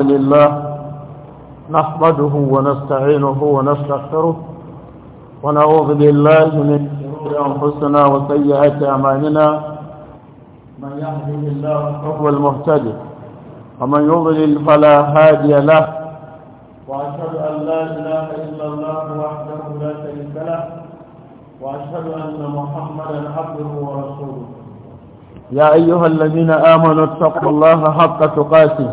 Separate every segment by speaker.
Speaker 1: الحمد لله نحمده ونستعينه ونستغفره ونعوذ بالله من شرور انفسنا وسيئات اعمالنا من يهده الله فهو المهتدي ومن يضلل فلا هادي له واشهد ان لا اله الا الله وحده لا شريك له واشهد ان محمدا عبده ورسوله يا ايها الذين امنوا اتقوا الله حق تقاته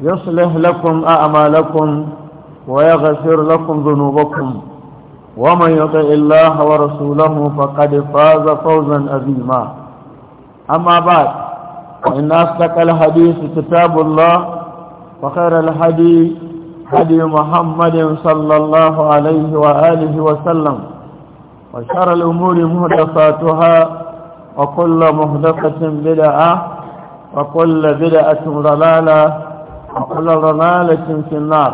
Speaker 1: يصلح لكم أعمالكم ويغفر لكم ذنوبكم ومن يطع الله ورسوله فقد فاز فوزا أذيما أما بعد فإن أصدق الحديث كتاب الله وخير الحديث هدي محمد صلى الله عليه وآله وسلم وشر الأمور مهدفاتها وكل مهدفة بدعة وكل بدعة ضلالة وكل ضلالة في النار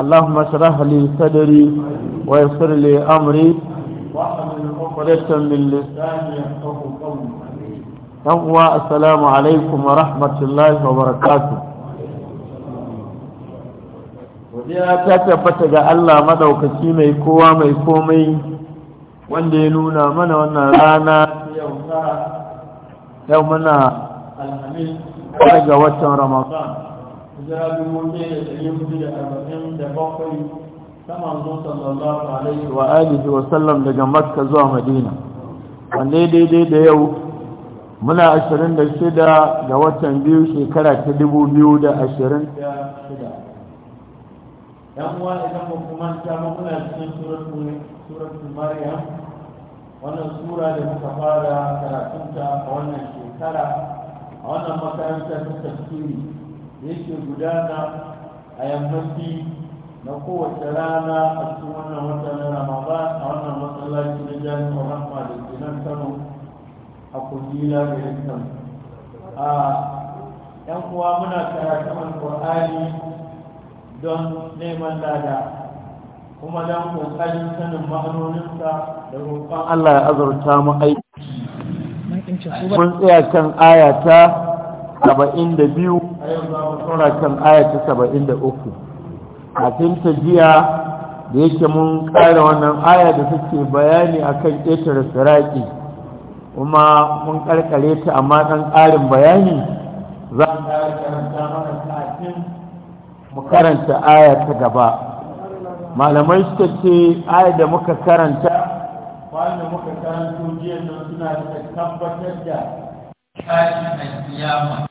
Speaker 1: اللهم اشرح لي صدري ويسر لي أمري واحمل من لساني
Speaker 2: يفقه قولي
Speaker 1: يوم السلام عليكم ورحمة الله وبركاته godiya ta tabbata ga Allah maɗaukaci mai kowa mai komai wanda ya nuna mana wannan rana yau muna alhamis ga watan ramadan hijira dubu ɗaya da ɗari hudu da arba'in da bakwai ta manzo sallallahu alaihi wa alihi wa sallam daga makka zuwa madina wanda daidai da yau muna ashirin da shida ga watan biyu shekara ta dubu biyu da ashirin da shida yan uwa idan ba kuma ta muna cikin suratul mariya, wannan sura da muka fara karatunta a wannan shekara a wannan makarantar ta tafsiri yake gudana a yammaci na kowace rana a cikin wannan wata na ramadan a wannan masallaci na jami'ar rahma da ke nan kano a kundila da yankan a yan uwa muna karatun Al-Qur'ani don neman lada kuma don ƙoƙarin sanin ma'anoninsa da roƙon allah ya azurta mu aiki mun tsaya kan aya ta biyu. a yau za mu tsora kan ayata saba'in da uku kafin jiya da yake mun ƙara wannan aya da suke bayani akan ƙetare siraƙi kuma mun ƙarƙare ta amma ɗan ƙarin bayani za mu karanta mana kafin mu karanta aya ta gaba malamai suka ce aya da muka karanta wanda muka karanta jiya nan suna da tabbatar da ƙarin kiyama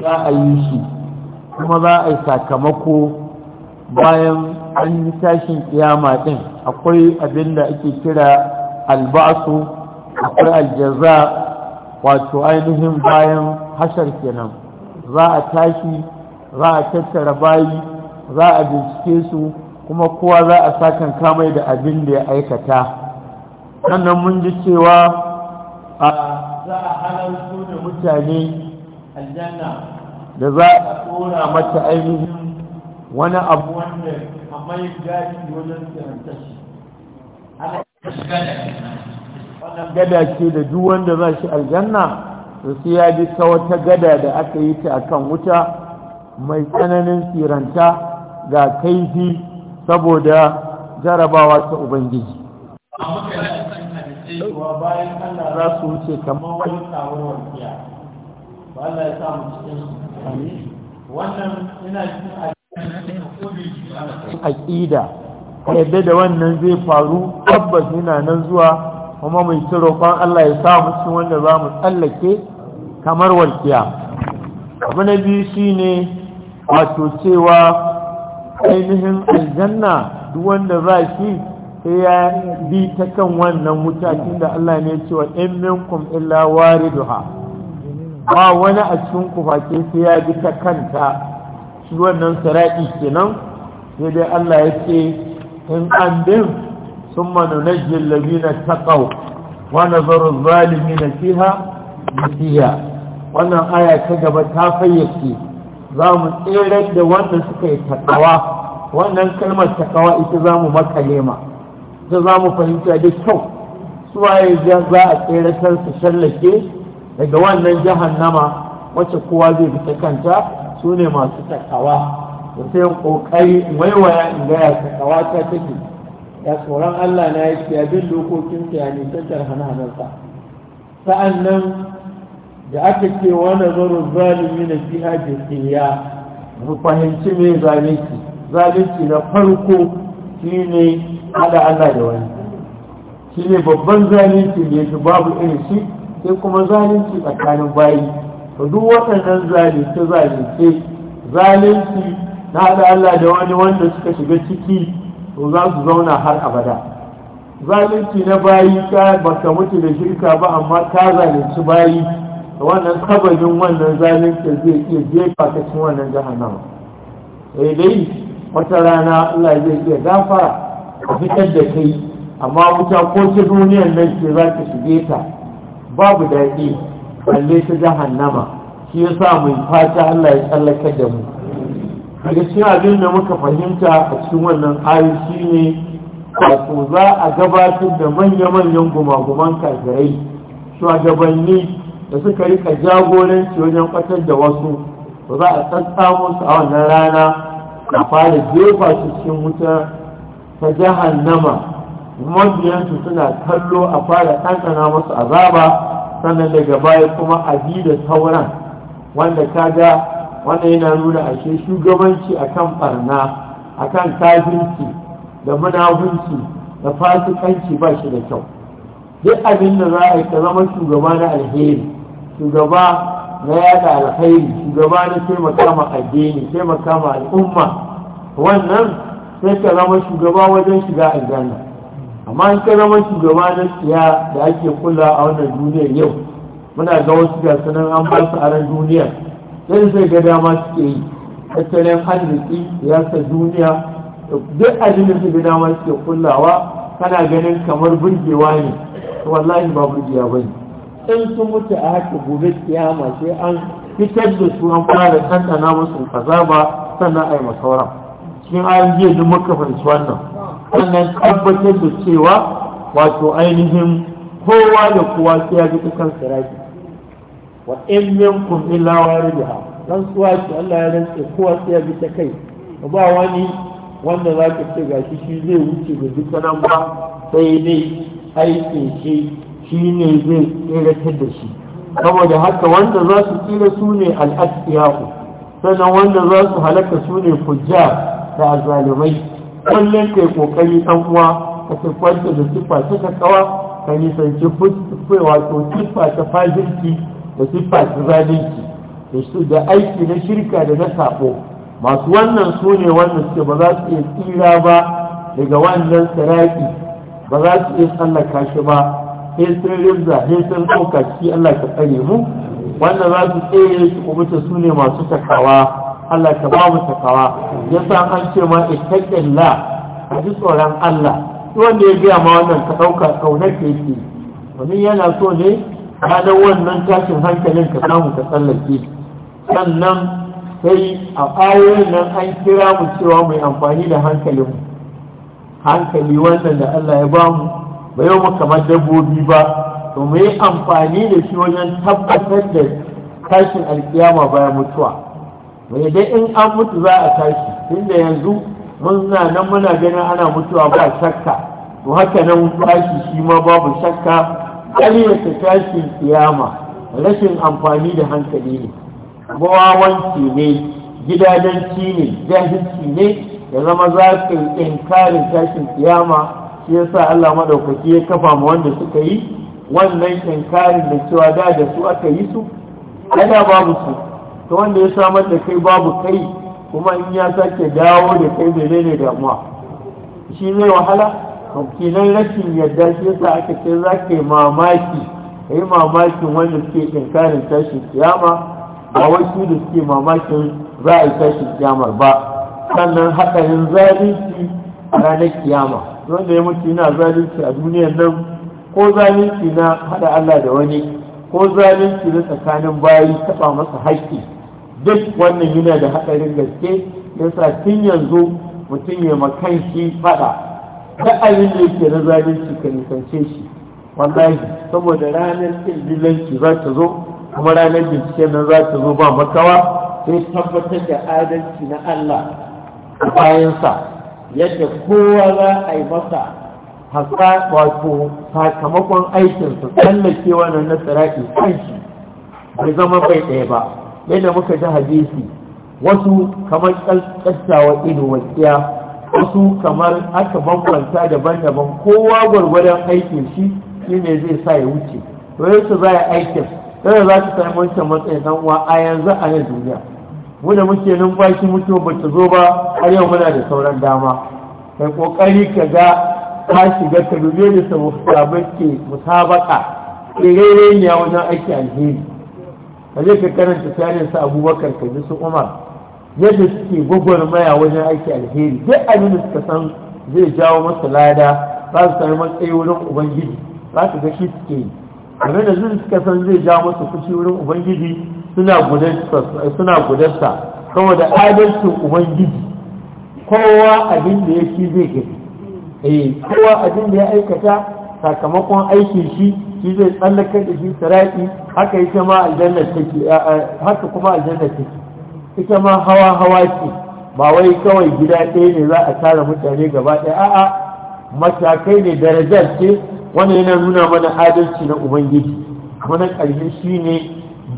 Speaker 1: za a yi shi kuma za a yi sakamako bayan an yi tashin kiyama din akwai abin da ake kira albasu akwai aljaza wato ainihin bayan hashar kenan za a tashi za a tattara bayi za a bincike su kuma kowa za a sakan kamai da abin da ya aikata sannan mun ji cewa za a halarci da mutane aljanna da za a tsora mata ainihin wani abu wanda a mai gaji wajen kiranta shi ana da wannan gada ce da duk wanda za shi aljanna da su ya ji ta wata gada da aka yi ta akan wuta mai tsananin tsiranta ga kaifi saboda jarabawa ta ubangiji bayan Allah za su wuce kamar wani tsawon warkiya Allah ya samu cikin wannan ina cikin aƙida yadda da wannan zai faru tabbas yana nan zuwa kuma mai ci Allah ya samu cikin wanda za mu tsallake kamar walƙiya abu na biyu shi ne wato cewa ainihin aljanna duk wanda za shi sai ya bi ta kan wannan mutakin da Allah ne cewa in minkum illa wariduha ba wani a cikin kufake sai ya bi ta kanta shi wannan sara'i kenan sai dai Allah ya ce in an din sun manu na jillabi na taƙau wani zarar zalimi na fiha mutiya wannan aya ta gaba ta fayyace za mu tsere da wanda suka yi taƙawa wannan kalmar taƙawa ita za mu makalema ita za mu fahimta da kyau suwaye za a tsere kansu shallake daga wannan nama, wacce kowa zai fita kanta su ne masu takawa da sai kokari waiwaya in ga ya takawa ta take ya tsoron Allah na ya ya bin dokokin ya nisantar hana-hanarsa sa'an nan da aka ce wani zaron zalimi na fi da ya mu fahimci mai zalunci zalunci na farko shine ne hada Allah da wani shi ne babban zalunci ne yake babu irin shi sai kuma zalunci tsakanin bayi to duk waɗannan zalunci-zalunci, zalunci na haɗa Allah da wani wanda suka shiga ciki to za su zauna har abada zalunci na bayi ka baka mutu da shirka ba amma ka zalunci bayi wannan kabarin wannan zalunci zai iya jefa ka cikin wannan jahannama eh dai wata rana Allah zai iya gafara a fitar da kai amma wuta ko ta duniyar nan ce za ta shige ta babu daɗi balle ta jahannama shi ya sa mai fata Allah ya tsallaka da mu daga cikin abin da muka fahimta a cikin wannan ayi shi ne wato za a gabatar da manya-manyan gumaguman kafirai shugabanni da suka rika jagoranci wajen kwatar da wasu ba za a tsatsamo su a wannan rana a fara jefa su cikin wuta ta jahannama mabiyansu suna kallo a fara ɗanɗana masu azaba sannan daga baya kuma a bi da sauran wanda kaga wanda yana nuna ashe shugabanci a kan ɓarna a kan kafinci da munafunci da fasikanci ba shi da kyau duk abin da za a yi ka zama shugaba na alheri shugaba na yada alheri shugaba na taimaka ma addini taimaka ma al'umma wannan sai ka zama shugaba wajen shiga aljanna amma in ka zama shugaba na siya da ake kula a wannan duniyar yau muna ga wasu ga sanan an ba su aran duniya sai sai ga dama suke yi tattalin arziki siyasa duniya duk abin da suke dama suke kullawa kana ganin kamar burgewa ne wallahi ba burgewa ba ne in sun mutu a haka gobe kiyama sai an fitar da su an fara tantana musu kaza ba sannan a yi masauran cikin ayan jiya duk muka fahimci wannan sannan tabbatar da cewa wato ainihin kowa da kowa sai ya ji kukan siraki wa in kun illa waridha dan suwa ce Allah ya rantsa kowa sai ya bi ta kai ba wani wanda za ka ce gashi shi zai wuce da duka nan ba sai dai aikin shi shi ne zai tsiratar da shi saboda haka wanda za su tsira su ne al-asiyahu sannan wanda za su halaka su ne fujja da azalimai. kullum kai kokari ɗan uwa ka kwanta da siffa ta takawa ka nisanci fuskewa to siffa ta fajirki da siffa ta zalunci da su da aiki na shirka da na sabo masu wannan su ne wanda suke ba za su iya tsira ba daga wannan saraki ba za su iya tsallaka shi ba sai sun rinza sai sun ɗauka shi Allah ka tsare mu wanda za su tsere su kuma su ne masu takawa Allah ka ba mu takawa yasa an ce ma ittaqillah A ji tsoron Allah wanda ya biya ma wannan ka ɗauka kaunar ke yake yana so ne ranar wannan tashin hankalin ka samu ka tsallake sannan sai a ayoyin nan an kira mu cewa mai amfani da hankalin mu hankali wannan da Allah ya ba mu ba mu kamar dabbobi ba to mu yi amfani da shi wajen tabbatar da tashin alkiyama bayan mutuwa mai eh, dai in an mutu za a tashi tunda yanzu muna nan muna ganin ana mutuwa ba shakka to haka nan bashi shi ma babu shakka ƙaryata tashin kiyama rashin amfani da hankali ne bawawanci ne gidadanci ne jahilci ne da zama za ka yi inkarin tashin kiyama shi yasa Allah madaukaki ya kafa ma wanda suka yi wannan inkarin da cewa da da su aka yi su ana babu su to wanda ya samar da kai babu kai kuma in ya sake dawo da kai menene damuwa shi zai wahala kinan rashin yadda shi yasa aka ce za ka yi mamaki ka yi mamakin wanda suke inkarin tashin kiyama ba wasu da suke mamakin za a yi tashin kiyamar ba sannan haɗarin zalunci a ranar kiyama wanda ya mutu yana zalunci a duniyar nan ko zalunci na haɗa Allah da wani ko zalunci na tsakanin bayi taɓa masa haƙƙi duk wannan yana da haɗarin gaske yasa tun yanzu mutum ya makan shi faɗa ra'ayin da yake na zalunci ka nisance shi wallahi saboda ranar ɗin za ta zo kuma ranar bincike nan za ta zo ba makawa sai tabbatar da adalci na Allah a bayansa yadda kowa za a yi masa hasa wato sakamakon aikinsa tsallakewa na nasara kan shi bai zama bai ɗaya ba yadda muka ji hadisi wasu kamar kaskawa ido wakiya wasu kamar aka bambanta daban-daban kowa gwargwadon aikin shi shi ne zai sa ya wuce to yanzu za a aikin sai za ta sami wancan matsayin dan uwa a yanzu a nan duniya mu da muke numfashi mutuwa ba ta zo ba har yau muna da sauran dama kai kokari ka ga ka shiga ka dube da sabon ke musabaka ƙirere ne a wajen aiki alheri ka je ka karanta tarihin su abubakar ka ji su umar yadda suke gwagwarmaya wajen aiki alheri duk abin da suka san zai jawo masa lada za su sami matsayi wurin ubangiji za su ga shi suke yi abin da zai suka san zai jawo masa fushi wurin ubangiji suna gudarsa saboda adalcin ubangiji kowa abin da ya shi zai gani eh kowa abin da ya aikata sakamakon aikin shi shi zai tsallakar da shi siraki haka ita ma aljanna take haka kuma aljanna take ita ma hawa hawa ce ba wai kawai gida ɗaya ne za a tara mutane gaba ɗaya a'a matakai ne darajar ce wannan yana nuna mana adalci na ubangiji kuma na ƙarshe ne,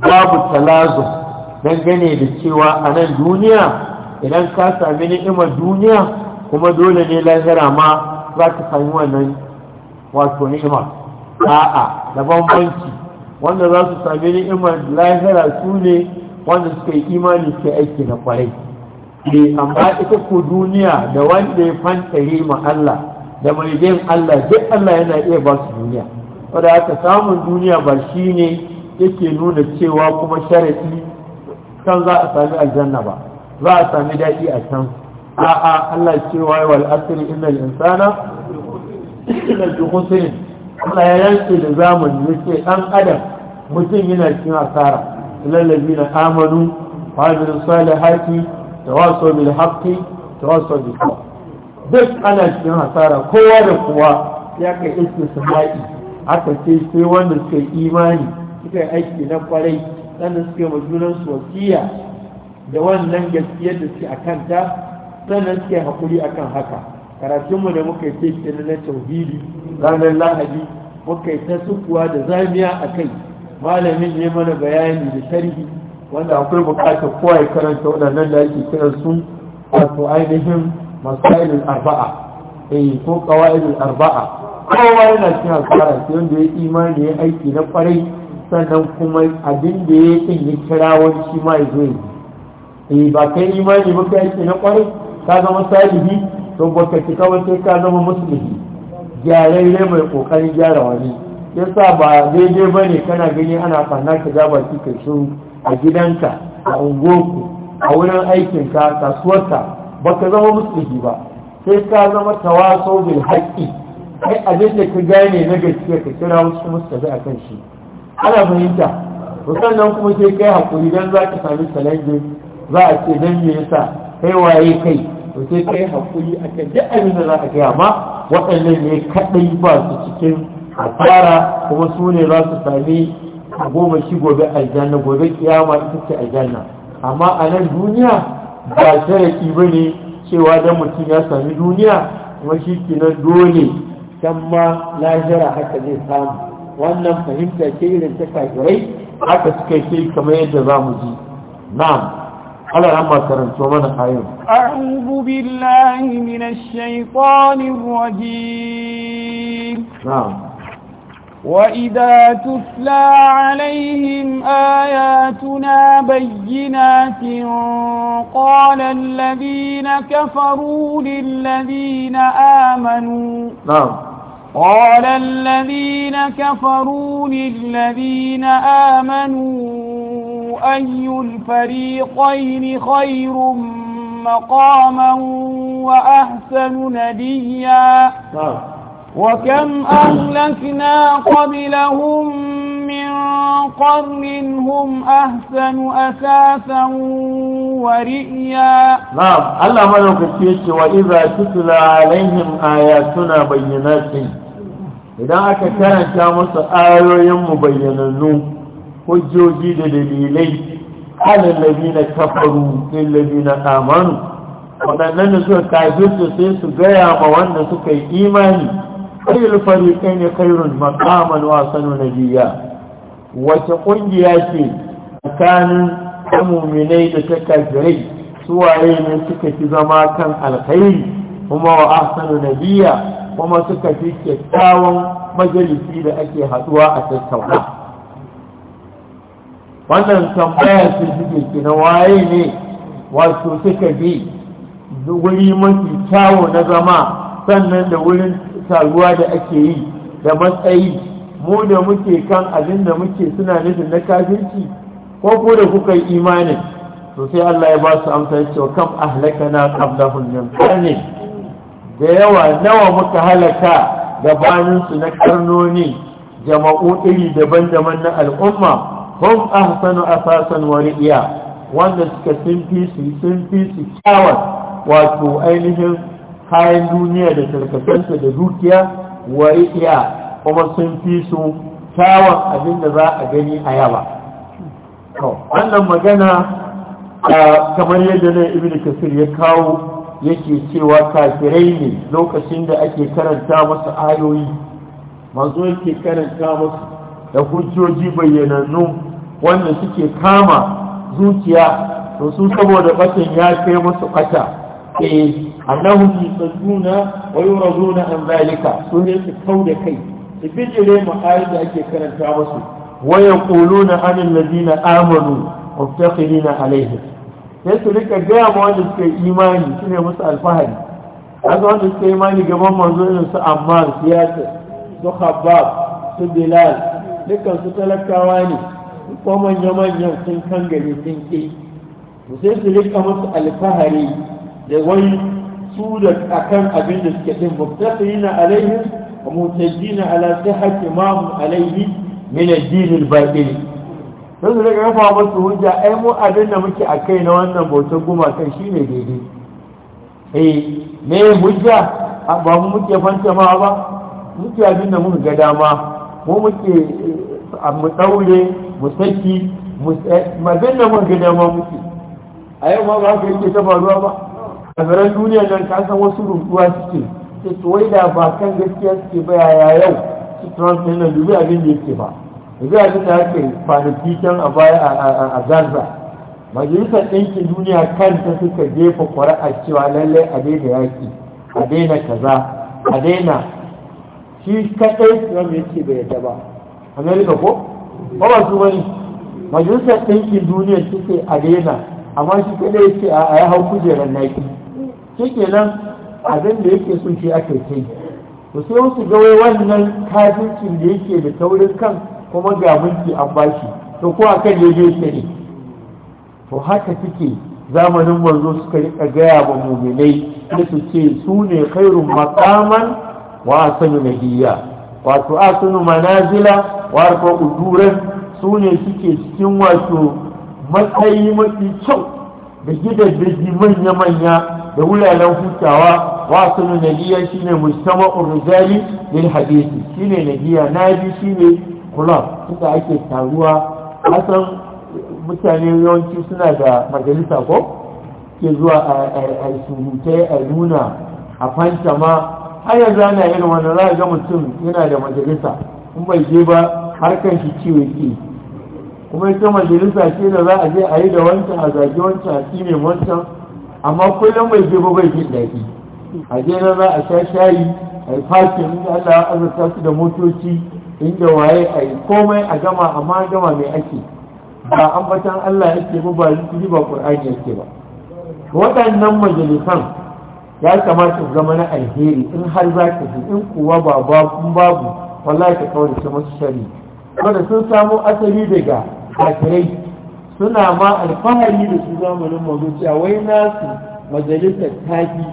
Speaker 1: babu talazo dangane da cewa a nan duniya idan ka sami ni'imar duniya kuma dole ne lahira ma za ka sami wannan wato ni'ima a'a da bambanci wanda za su sami ni'imar lahira su ne wanda suka yi imani sai aiki na kwarai ne eh, amma ita ku duniya da wanda ya fantare ma Allah da mai jin Allah duk Allah yana iya ba su duniya wanda aka samun duniya ba shi ne yake nuna cewa kuma sharaɗi kan za a sami aljanna ba za a sami daɗi a can a'a Allah cewa wal asri innal insana ikilar da hussein Allah ya yanke da zamani ya ce ɗan adam mutum yana cikin asara lallabi na amanu sale haki da Wasu bil da Wasu bil duk ana cin asara kowa da kowa ya kai iske sana'i aka ce sai wanda suka yi imani suka aiki na kwarai sannan suka yi su wasiya da wannan gaskiyar da suke a kanta sannan suke haƙuri akan haka karatunmu da muka yi ɗin na tauhidi ranar lahadi muka yi ta sukuwa da zamiya a kai malamin ne mana bayani da tarihi wanda akwai bukatar kowa ya karanta waɗannan da ake kiran su wato ainihin masailul arba'a eh ko qawaidul arba'a kowa yana cikin hasara sai wanda ya imani ya aiki na kwarai sannan kuma abin da ya yi ya kira wani shi ma ya zo yi eh ba kai imani ba kai aiki na kwarai ka zama salihi to baka ci kawai sai ka zama musulmi gyararre mai kokarin gyara wani yasa ba daidai ba ne kana gani ana fana ka ja baki ka shiru a gidanka a unguwarku a wurin aikinka kasuwarka ka zama musulmi ba sai ka zama tawaso bil haƙƙi kai abin da ka gane na gaskiya ka kira wasu musulmi a kan shi ana fahimta sannan kuma sai kai haƙuri dan za ka sami challenge za a ce dan me yasa kai waye kai to sai kai hakuri a kan duk abin da za ka gaya ma waɗannan ne kaɗai ba su cikin asara kuma su ne za su sami goma shi gobe aljanna gobe kiyama ita ce aljanna amma a nan duniya ba sharafi ba ne cewa dan mutum ya sami duniya kuma shi kinan dole can ma lahira haka zai samu wannan fahimta ce irin ta kafirai haka suka yi kamar yadda za mu ji na'am على عما كرنتو من حيوم
Speaker 3: أعوذ بالله من الشيطان الرجيم نعم وإذا تتلى عليهم آياتنا بينات قال الذين كفروا للذين آمنوا نعم قال الذين كفروا للذين آمنوا أي الفريقين خير مقاما وأحسن نديا
Speaker 2: وكم
Speaker 3: أهلكنا قبلهم من قرن هم أحسن أساسا ورئيا نعم الله
Speaker 1: ملك فيك وإذا تتلى عليهم آياتنا بينات إذا أكترت يا مصر آيوين مبيننون hujjoji da dalilai alal ladina kafaru lil na amanu waɗannan da suka kafirta sai su gaya ma wanda suka yi imani khairul fariqain khairun maqaman wa sanu biya. wace ƙungiya ce tsakanin amuminai da ta kafirai suwaye ne suka fi zama kan alkhairi kuma wa na biya kuma suka fi kyakkyawan majalisi da ake haɗuwa a tattauna wannan tambaya su suke na waye ne wato suka bi wuri mafi kyawo na zama sannan da wurin taruwa da ake yi da matsayi mu da muke kan abin da muke suna nufin na kafirci ko ko da kuka yi imanin to sai Allah ya ba su amsa ya ce kam ahlakana qablahum min qarni da yawa nawa muka halaka gabanin na karnoni jama'u iri daban-daban na al'umma hum ahsanu asasan wa riya wanda suka sun fi su sun su wato ainihin kayan duniya da tarkacensa da dukiya wa riya kuma sun fi su kyawun abin da za a gani a yaba wannan magana kamar yadda na ibn kasir ya kawo yake cewa kafirai ne lokacin da ake karanta masu ayoyi manzo yake karanta masu da hujjoji bayyanannu wanda suke kama zuciya to su saboda batan ya kai musu bata eh annahum yusalluna wa yuraduna an zalika su ne su kau da kai su bijire mu da ake karanta musu wa yaquluna anil ladina amanu muftakhirina alaihim sai su rika gaya ma wanda suka yi imani su ne musu alfahari kaga wanda suka yi imani gaban manzo irin su ammar siyasa su habab su bilal dukkan su talakawa ne ko manya-manyan sun kan gari sun ke su sai su rika musu alfahari da wai su da akan abin da suke din muktasirina alaihi wa mutajjina ala sihhati ma hum alaihi min ad-din al-batil sai su rika kafa musu hujja ai mu abin da muke akai na wannan bautar gumakan shine daidai eh me hujja ba mu muke fanta ma ba muke abin da muka ga dama mu muke eh, mu daure mu saki mu eh, mabin da mun gida ma muke a yau ma ba ka yake ta faruwa ba a kafiran duniya nan ka san wasu rubuwa suke ce to wai da ba kan gaskiya suke ba yaya yau su trump na dubi abin da yake ba yanzu abin da ake kwanaki can a baya a gaza majalisar ɗinkin duniya kanta suka jefa kwara'a cewa lallai a daina yaki a daina kaza a daina shi kaɗai trump ya ce bai yadda ba amerika ko ba ba su wani majalisar ɗinkin duniya su ke daina amma shi kaɗai ya ce a ya hau kujerar naki shi nan abin da yake sun shi aka ce to sai wasu gawai wannan kafincin da yake da taurin kan kuma ga mulki an shi to ko a kan yaje shi ne to haka suke zamanin manzo suka ka gaya wa muminai da su ce su ne khairun maqaman wa nahiya wato asanu manazila wa arfa uduran su ne suke cikin wato matsayi mafi kyau da gidaddaki manya-manya da wuraren hutawa wa asanu nahiya shine mujtama'ur rijali lil hadisi shine nahiya nabi shine kula suka ake taruwa asan mutane yawanci suna da majalisa ko ke zuwa a surutai a nuna a fanta ma har yanzu ana yin wani za ga mutum yana da majalisa in bai je ba harkan shi ciwo ke kuma ita majalisa ce da za a je a yi da wancan a zage wancan a tsine wancan amma kullum bai je ba bai jin daɗi a je na za a sha shayi a yi fashin inda Allah azurta su da motoci inda waye a yi komai a gama amma gama mai ake ba ambatan Allah yake ba ba ba Qur'ani yake ba waɗannan majalisan ya kamata su zama na alheri in har za ka in kuwa ba babu wallahi ka ce masu shari wanda sun samo asali daga kafirai suna ma alfahari da su zamanin mazuciya wai nasu majalisar taki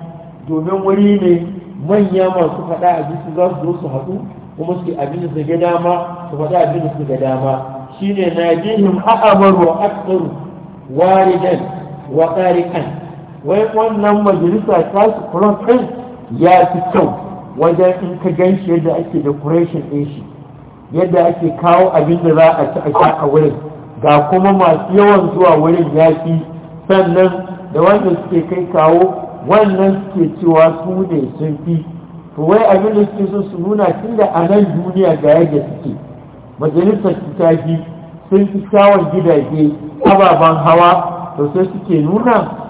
Speaker 1: domin wuri ne manya masu faɗa abinci za su zo su haɗu kuma su abin da su ga dama su faɗa abin da su ga dama shine najihim a'amaru wa aktaru waridan wa wai wannan majalisa ta su kuran kai ya fi kyau wajen in ka gan shi yadda ake decoration ɗin shi yadda ake kawo abin da za a ci a sha a wurin ga kuma masu yawan zuwa wurin ya fi sannan da wanda suke kai kawo wannan suke cewa su ne sun fi to wai abin da suke so su nuna tun da a nan duniya ga yadda suke majalisar su ta fi sun fi kyawun gidaje ababen hawa to sai suke nuna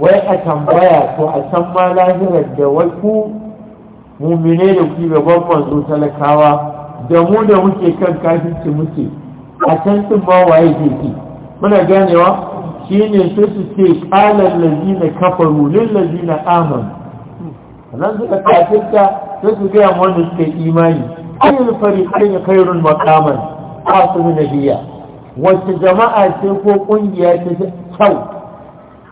Speaker 1: wai a tambaya ko a can ma lahirar da wai ku mumine da ku gaban manzo talakawa da mu da muke kan kafirci muke a can din ma waye ke ki muna ganewa shine su su ce qalan lazina kafaru lil lazina aman. nan suka kafirta sai su ga wanda suka imani ayyul fariqain khairun maqaman asu nabiyya wacce jama'a ce ko kungiya ce kyau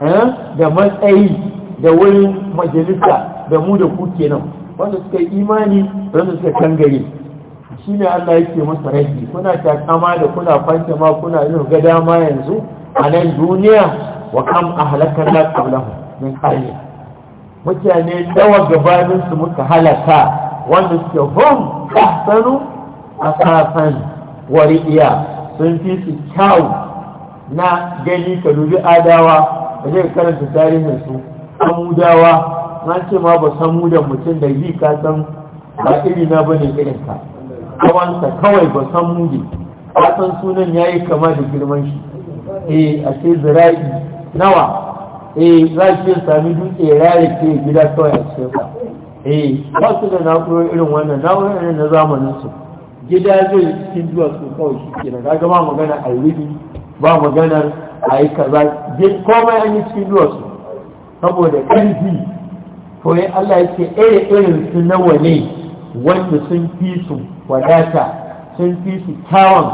Speaker 1: Eh? da matsayi da wurin majalisa da mu da ku nan, wanda suka yi imani wanda suka kangare shi ne Allah yake masa rashi kuna takama da kuna kwanta ma kuna yin gada ma yanzu a nan duniya wa kam halakar la qablahu min mutane dawa gabanin su muka halaka wanda suka suke hum a kasan wari iya sun fi su kyau na gani ka dubi adawa da zai karanta tarihin su samudawa na ce ma ba samudan mutum da yi ka san ba iri na ba ne irin ka kawansa kawai ba san samude ba san sunan ya yi kama da girman shi e a ce zira'i nawa eh za ki sami dutse rayar ke gida kawai a cikin E, ba su da na'urar irin wannan na'urar na zamanin su gida zai cikin duwatsu kawai shi kenan kaga ba magana a yi ba magana a yi kaza komai an yi cikin duwatsu saboda ƙarfi to ya Allah ya ce ɗaya irin su nawa ne wanda sun fi su wadata sun fi su kyawun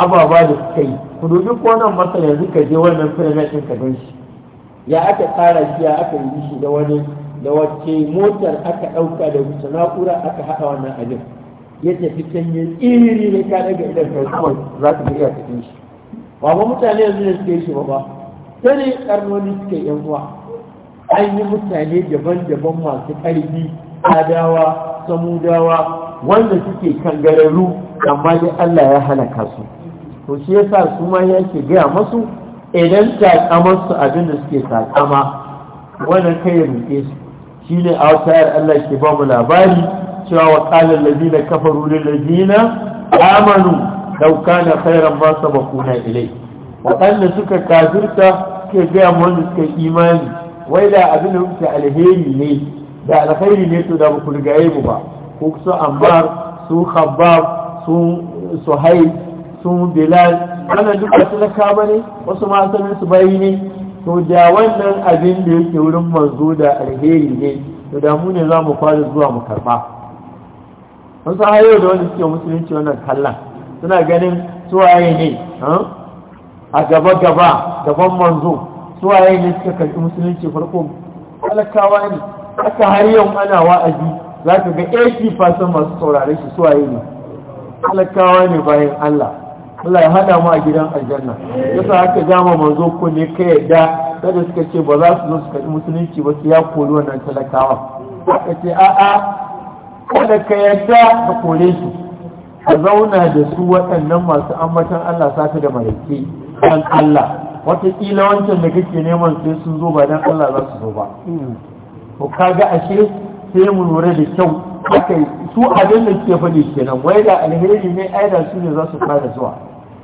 Speaker 1: ababa da suka yi ku dubi ko nan masana yanzu ka je wannan filanar ɗin ka gan shi ya aka tsara shi ya aka yi shi da wani da wacce motar aka ɗauka da wuce na'ura aka haɗa wannan abin ya tafi yin iri ne ka daga idan ka kuma za ka iya cikin shi ba ba mutane yanzu ne suke shi ba ba sai ne karnoni suke yan uwa an yi mutane daban-daban masu ƙarfi adawa samudawa wanda suke kan gararru amma dai Allah ya halaka su to shi yasa su ma yake gaya masu idan takamar su abin da suke takama wannan kai ya rufe su shine a wata Allah ke ba mu labari cewa wa qala allazina kafaru lil ladina amanu law kana khairan ma sabaquna ilai waɗanda suka kafirta suke gaya wanda suka imani wai da abin da alheri ne da alheri ne to da ba ku rigaye mu ba ko su ambar su khabbab su suhaib su bilal wannan duka talaka ba ne wasu ma sanin su bayi ne to da wannan abin da yake wurin manzo da alheri ne to da mu ne za mu fara zuwa mu karba sun san hayo da wani suke musulunci wannan kalla suna ganin suwaye ne a gaba gaba gaban manzo suwaye ne suka karɓi musulunci farko talakawa ne aka har yau ana wa'azi za ka ga 80% masu saurare shi suwaye ne talakawa ne bayan Allah Allah ya hada mu a gidan aljanna yasa haka dama manzo ko ne ka yadda kada suka ce ba za su zo su karbi musulunci ba su ya koli wannan talakawa ka ce a'a wanda ka yadda ka kore su ka zauna da su waɗannan masu ambatan Allah sata da malaki an Allah wataƙila wancan da kake neman sai sun zo ba dan Allah za su zo ba ka ga ashe sai mu lura da kyau haka su abin da ke faɗi kenan wai da alheri ne ai da su ne za su fara zuwa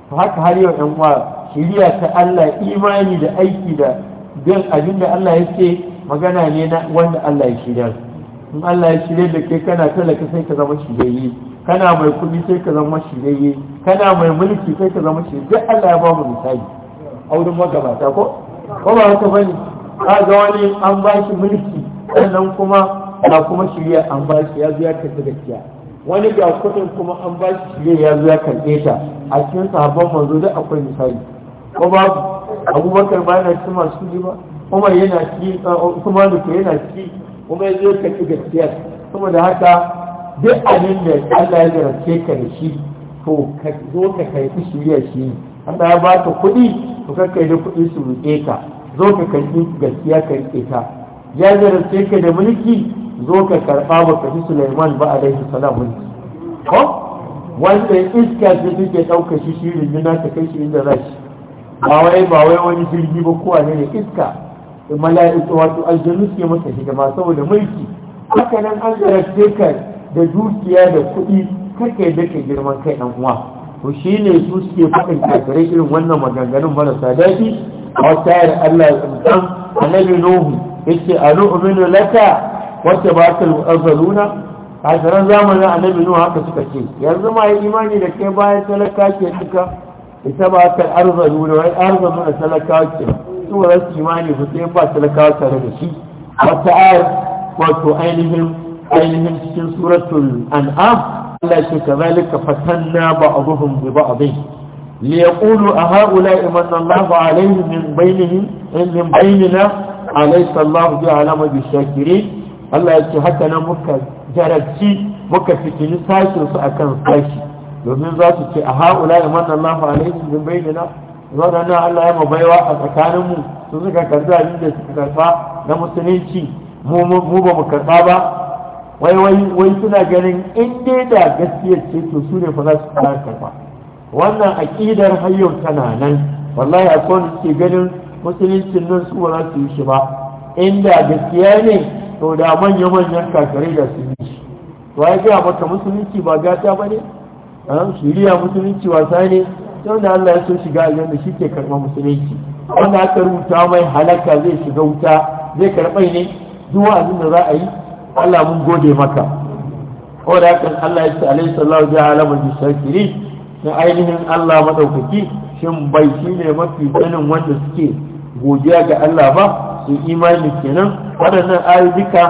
Speaker 1: to haka har yau ɗan uwa shiriya ta Allah imani da aiki da bin abin da Allah yake magana ne na wanda Allah ya shirya in Allah ya shirye da kai kana talaka sai ka zama shirye kana mai kuɗi sai ka zama shirye kana mai mulki sai ka zama shirye duk Allah ya ba mu misali a magabata ko ko ba haka bane ka ga wani an ba shi mulki sannan kuma ba kuma shirye an ba shi ya zo ya karɓi gaskiya wani ga kuɗin kuma an ba shi shirye ya zo ya karɓe ta a cikin sahabban manzo duk akwai misali ko babu abubakar ba yana cikin masu kuɗi ba Kuma yana ciki kuma da yana ciki kuma ya zo ka ci gaskiya saboda haka duk abin da Allah ya zarafce ka da shi to ka zo ka karɓi shirya shi Allah ya ba ka kuɗi to ka kai da kuɗi su ruɗe ka zo ka karɓi gaskiya ka yi ta ya zarafce ka da mulki zo ka karɓa ba ka fi Sulaiman ba alaihi salam mulki ko wanda iska ce take ɗauka shi shirin nuna ta kai shi inda za ba wai ba wai wani jirgi ba kowa ne iska mala'iku wato aljanu ke masa hidima saboda mulki haka nan an ka da dukiya da kuɗi kake yadda ka girman kai ɗan uwa to shi ne su suke faɗin kafirai irin wannan maganganun marasa daɗi a wata yadda Allah ya tsamtan annabi Nuhu a alu uminu laka wacce ba ta azaluna kafiran zamanin annabi Nuhu haka suka ce yanzu ma yi imani da kai bayan talaka ke duka. ita ba ta arzaluna wai arzaluna talaka ke su za su imani ba sai ba talakawa tare da shi wata ayar wato ainihin ainihin cikin suratul an'am Allah ce kazalika fatanna ba'dhum bi ba'dhin li yaqulu a iman manna Allahu alaihim min bainihim min bainina alaysa sallahu bi alama bi shakirin Allah ya ce haka nan muka jarabci muka fitini sashin su akan sashi domin za su ce a iman manna Allahu alaihim min bainina waɗannan Allah ya mabaiwa a tsakaninmu su suka karɓi abin da suka karɓa na musulunci mu ba mu karɓa ba wai wai suna ganin in dai da gaskiya ce to su ne fa za su fara karɓa wannan aƙidar hayyau tana nan wallahi a kowane ke ganin musuluncin nan su ba za su yi shi ba inda gaskiya ne to da manya-manyan kakare da su yi shi to ya gaya maka musulunci ba gata ba ne Shirya musulunci wasa ne sai wanda Allah ya so shiga yanzu shi ke karɓar musulunci wanda aka rubuta mai halaka zai shiga wuta zai karɓai ne duk wa'azin da za a yi Allah mun gode maka ko da Allah ya ce alaihi sallahu sallam da shakiri na ainihin Allah madaukaki shin bai shine mafi tsanin wanda suke godiya ga Allah ba su imani kenan waɗannan ayyuka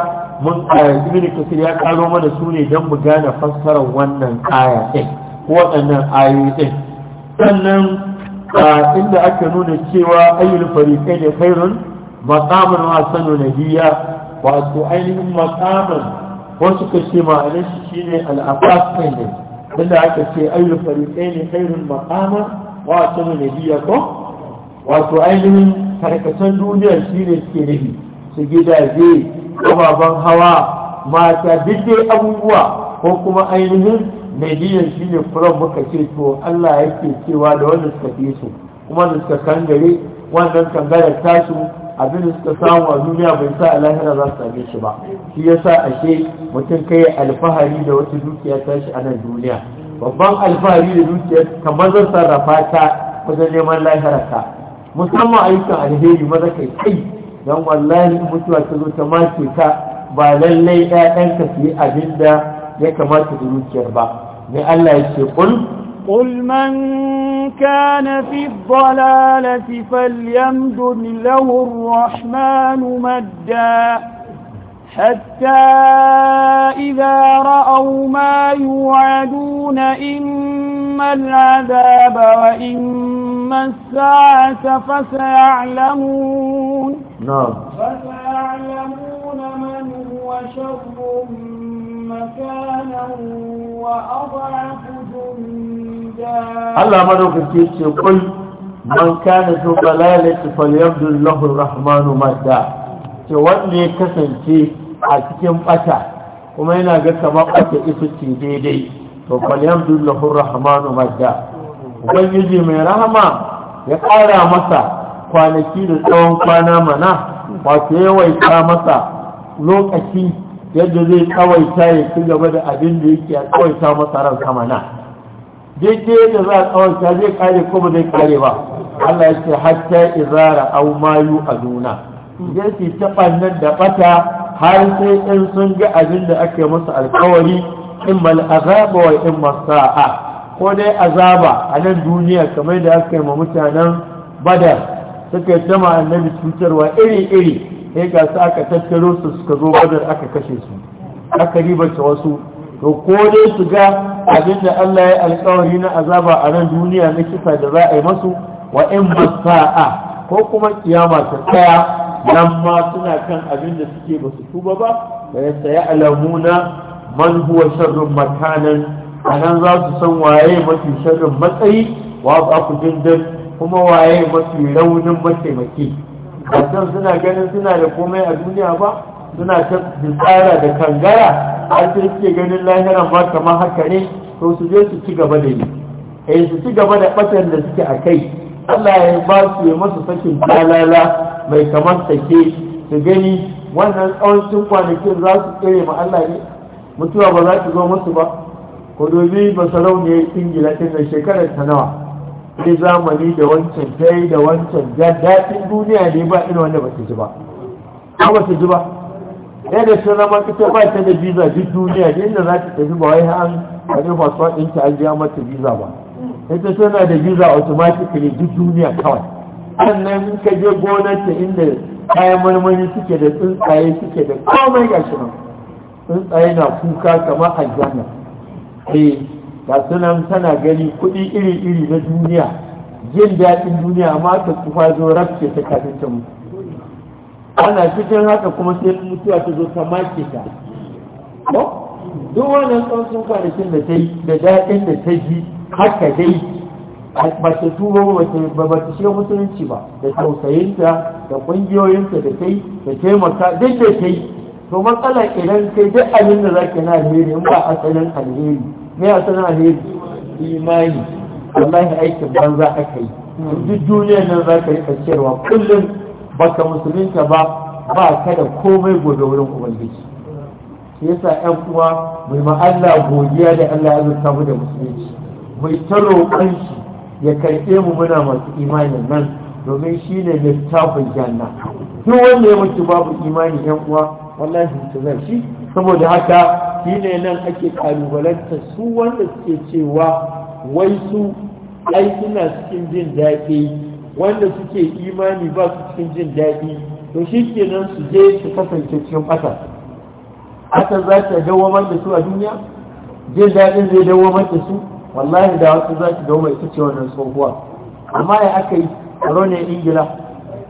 Speaker 1: mun ibn kasir ya karo mana su ne don mu gane fassarar wannan aya ɗin waɗannan ayoyi ɗin sannan a inda aka nuna cewa ayyul fariqai ne khairun maqamun wa sanu nahiya wato ainihin maqamun ko suka ce ma'anar shi shine al-afas ne inda aka ce ayyul fariqai ne khairun maqamun wa sanu nahiya ko wato ainihin karkashin duniya shine suke nabi su gidaje ababen hawa mata dukkan abubuwa ko kuma ainihin mai diyan shi ne furan muka ce to Allah yake cewa da wanda suka fi su kuma da suka kangare wannan ta su abin da suka samu a duniya bai sa a lahira za su same shi ba shi sa ashe mutum kai alfahari da wata dukiya tashi a nan duniya babban alfahari da dukiya kamar zan sarrafa ta wajen neman lahira ta musamman ayyukan alheri maza kai kai don wallahi mutuwa ta zo ta mace ta ba lallai ɗan su yi abin da ya kamata da dukiyar ba mai Allah
Speaker 3: قل من كان في الضلالة فليمدد له الرحمن مدا حتى إذا رأوا ما يوعدون إما العذاب وإما الساعة فسيعلمون نعم فسيعلمون من هو شر allah وأضعف ce الله مدوك
Speaker 1: كيش يقول من كان ذو ضلالة فليبذل wanda ya kasance a cikin ɓata kuma yana ga kamar bata ita ce daidai to falyamdu lahu rahmanu madda ubangiji mai rahama ya ƙara masa kwanaki da tsawon kwana mana wato yawaita masa lokaci yadda zai kawaita ya ci gaba da abin da yake a kawaita masa ran sama na daidai yadda za a kawaita zai kare ko ba zai kare ba Allah ya ce hatta izara au mayu aduna idan su ta bannan da bata har sai in sun ga abin da ake masa alkawari in mal azaba wa in masa'a ko dai azaba a nan duniya kamar da aka yi ma mutanen badar suka yi jama'a annabi cutarwa iri-iri sai eh, ga su aka tattaro su suka zo badar aka kashe su aka ribata wasu to ko dai su ga abin da Allah ya alkawari na azaba a nan duniya na kisa da za a yi masu wa in basa'a ko kuma kiyama ta tsaya nan ma suna kan abin da suke ba su tuba ba da ya saya alamuna man huwa sharrun makanan a nan za su san waye mafi sharrin matsayi wa ba ku kuma waye mafi raunin mataimaki ba san suna ganin suna da komai a duniya ba suna ta tsara da kangara har sai suke ganin lahiran ba kamar haka ne to su je su ci gaba da yi eh su ci gaba da batan da suke a kai Allah ya ba su ya masu sakin talala mai kamar sake su gani wannan tsawon kwanakin za su tsere ma Allah ne mutuwa ba za ta zo musu ba ku dobi ba sarauniyar ingila tun da shekarar ta nawa sai zamani da wancan dai da wancan daɗin duniya ne ba ina wanda ba ta ji ba ba ta ji ba ɗaya da ta zama ita ba ta da biza duk duniya ne inda za ta tafi ba wai an kare fasuwa ɗinta an biya mata biza ba ita tana da biza automatically duk duniya kawai sannan ka je ta inda kayan marmari suke da tsuntsaye suke da komai shi nan tsuntsaye na kuka kamar aljanna eh ba sunan tana gani kuɗi iri-iri na duniya jin daɗin duniya amma ta kufa zo rafke ta kafin ta mutu ana cikin haka kuma sai mutuwa ta zo ta make ta duk wannan tsawon kwanakin da ta yi da daɗin da ta ji haka dai ba ta tuba ba ba ta shiga musulunci ba da tausayinta da ƙungiyoyinta da ta yi da taimaka duk da ta yi to matsala idan kai duk abin da za ka na alheri in ba asalin alheri me ya sanar alheri imani wallahi aikin banza aka yi duk duniyar nan za ka rika cewa kullum baka musulunta ba ba ka da komai gobe wurin ubangiji shi yasa 'yan uwa mai ma Allah godiya da Allah ya zurta mu da musulunci mai ta roƙon shi ya karɓe mu muna masu imanin nan domin shi ne littafin janna duk wanda ya mutu babu imani 'yan uwa wallahi mutu zai shi saboda haka shi ne nan ake kalubalanta su wanda suke cewa wai su ai suna cikin jin daɗi wanda suke imani ba su cikin jin daɗi to shi kenan su je su kasance cikin ƙasa ƙasa za ta dawamar da su a duniya jin daɗin zai dawamar da su wallahi da wasu za ta dawamar ita ce wannan tsohuwa amma ya aka yi tsaro ne ingila